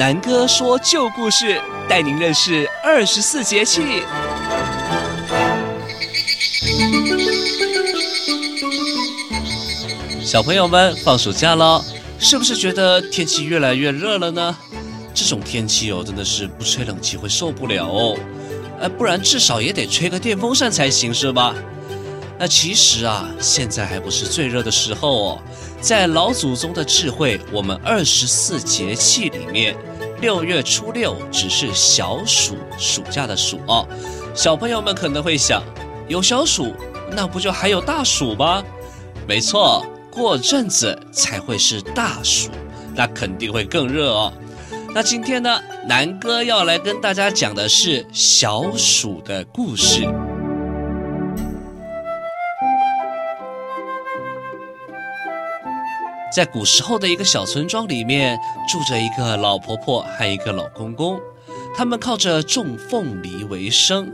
南哥說舊故事，帶您認識二十四節氣。小朋友們，放暑假了，是不是覺得天氣越來越熱了呢？這種天氣哦，真的是不吹冷氣會受不了哦，哎，不然至少也得吹個電風扇才行，是吧？那其實啊，現在還不是最熱的時候哦。在老祖宗的智慧，我們二十四節氣裡面，六月初六只是小暑，暑假的暑哦。小朋友們可能會想，有小暑，那不就還有大暑嗎？沒錯，過陣子才會是大暑，那肯定會更熱哦。那今天呢，南哥要來跟大家講的是小暑的故事。在古時候的一個小村莊裡面，住着一個老婆婆和一個老公公，他們靠着種鳳梨為生。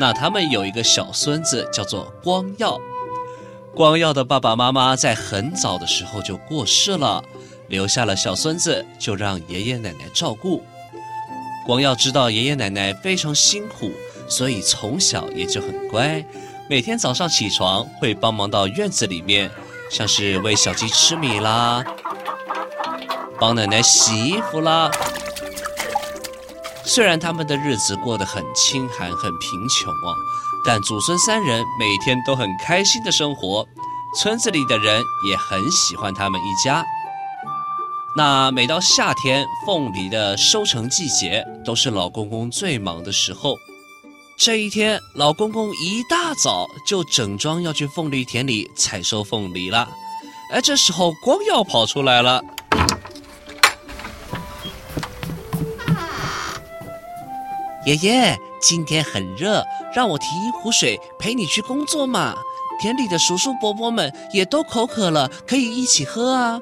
那他們有一個小孫子，叫做光耀。光耀的爸爸媽媽在很早的時候就過世了，留下了小孫子，就讓爺爺奶奶照顧。光耀知道爺爺奶奶非常辛苦，所以從小也就很乖，每天早上起床會幫忙到院子裡面。像是餵小雞吃米啦，幫奶奶洗衣服啦。雖然他們的日子過得很清寒、很貧窮啊，但祖孫三人每天都很開心地生活。村子裡的人也很喜歡他們一家。那每到夏天，鳳梨的收成季節都是老公公最忙的時候。這一天，老公公一大早就整裝要去鳳梨田裡採收鳳梨了。哎，這時候光耀跑出來了。啊、爺爺，今天很熱，讓我提一壺水陪你去工作嘛。田裡的叔叔伯伯們也都口渴了，可以一起喝啊。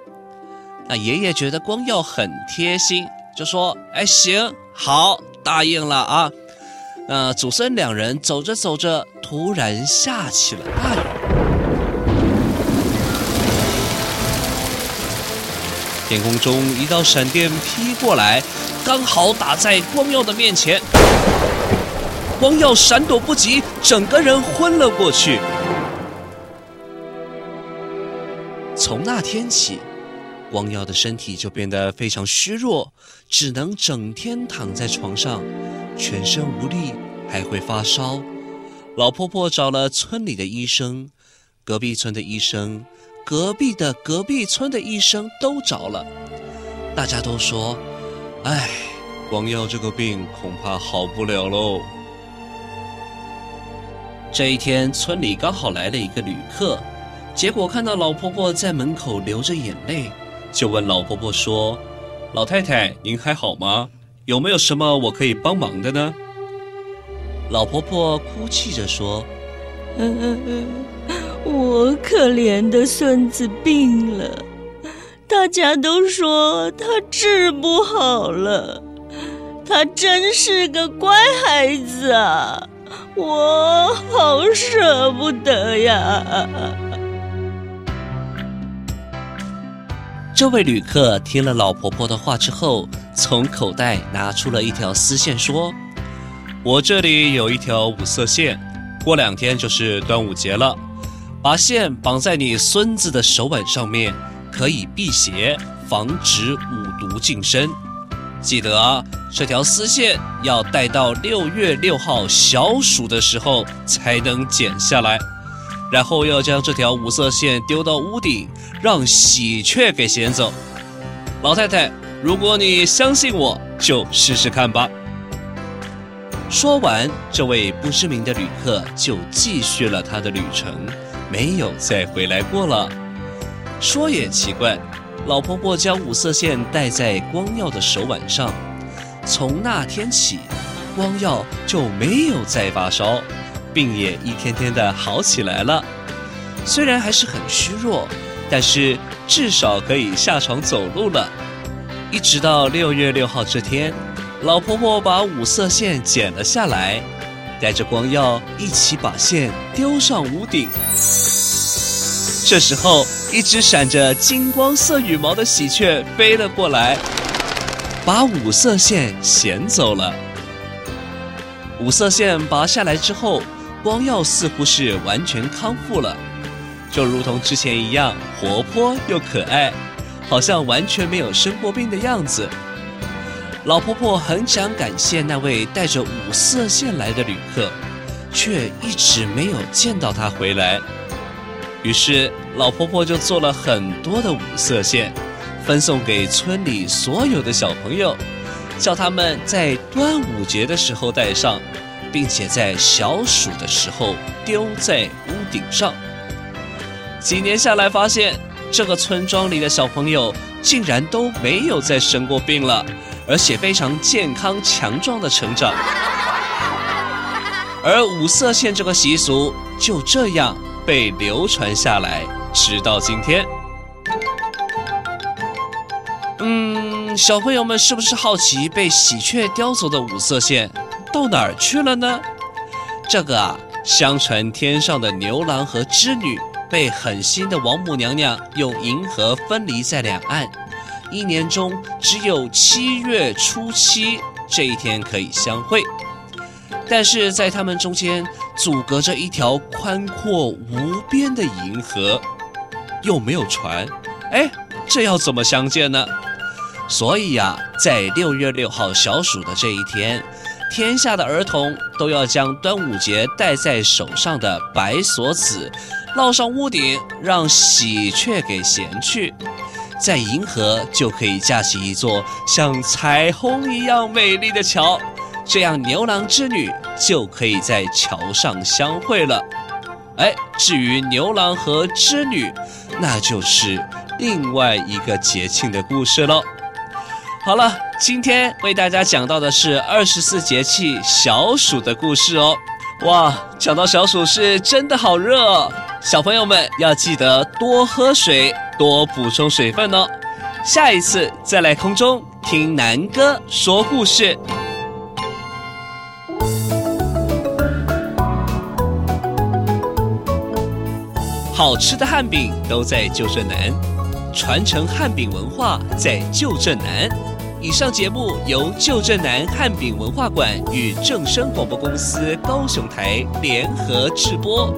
那爺爺覺得光耀很貼心，就說：“哎，行，好，答應了啊。”呃，那祖孫兩人走着走着，突然下起了大雨。天空中一道閃電劈過來，剛好打在光耀的面前，光耀閃躲不及，整個人昏了過去。從那天起，光耀的身體就變得非常虛弱，只能整天躺在床上。全身無力，還會發燒。老婆婆找了村裡的醫生，隔壁村的醫生，隔壁的隔壁村的醫生都找了。大家都說：“哎，光耀這個病恐怕好不了嘍。”這一天，村裡剛好來了一個旅客，結果看到老婆婆在門口流着眼淚，就問老婆婆說：“老太太，您還好嗎？”有沒有什麼我可以幫忙的呢？老婆婆哭泣着說，呃：“我可憐的孫子病了，大家都說他治不好了。他真是個乖孩子啊，我好捨不得呀。”這位旅客聽了老婆婆的話之後，從口袋拿出了一條絲線，說：“我這裡有一條五色線，過兩天就是端午節了。把線綁在你孫子的手腕上面，可以辟邪，防止五毒近身。記得啊，這條絲線要帶到六月六號小暑的時候才能剪下來，然後要將這條五色線丟到屋頂，讓喜鵲給銜走。”老太太。如果你相信我，就試試看吧。說完，這位不知名的旅客就繼續了他的旅程，沒有再回來過了。說也奇怪，老婆婆將五色線戴在光耀的手腕上，從那天起，光耀就沒有再發燒，病也一天天的好起來了。雖然還是很虛弱，但是至少可以下床走路了。一直到六月六號這天，老婆婆把五色線剪了下來，帶着光耀一起把線丟上屋頂。這時候，一隻閃着金光色羽毛的喜鵲飛了過來，把五色線銜走了。五色線拔下來之後，光耀似乎是完全康復了，就如同之前一樣活潑又可愛。好像完全沒有生過病的樣子。老婆婆很想感謝那位帶着五色線來的旅客，卻一直沒有見到他回來。於是，老婆婆就做了很多的五色線，分送給村裡所有的小朋友，叫他們在端午節的時候戴上，並且在小暑的時候丟在屋頂上。幾年下來，發現，這個村莊裡的小朋友竟然都沒有再生過病了，而且非常健康強壯的成長。而五色線這個習俗就這樣被流傳下來，直到今天。嗯，小朋友們是不是好奇被喜鵲叼走的五色線到哪兒去了呢？這個啊，相傳天上的牛郎和織女。被狠心的王母娘娘用銀河分離在兩岸，一年中只有七月初七這一天可以相會，但是在他們中間阻隔着一條寬闊無邊的銀河，又沒有船，哎，這要怎麼相見呢？所以呀，在六月六號小暑的這一天。天下的兒童都要將端午節戴在手上的百索子，撂上屋頂，讓喜鵲給銜去，在銀河就可以架起一座像彩虹一樣美麗的橋，這樣牛郎織女就可以在橋上相會了。哎，至於牛郎和織女，那就是另外一個節慶的故事嘍。好了，今天為大家講到的是二十四節氣小暑的故事哦。哇，講到小暑是真的好熱哦，小朋友們要記得多喝水，多補充水分哦。下一次再來空中聽南哥說故事。好吃的漢餅都在舊振南，傳承漢餅文化在舊振南。以上節目由舊振南漢餅文化館與正聲廣播公司高雄台聯合制播。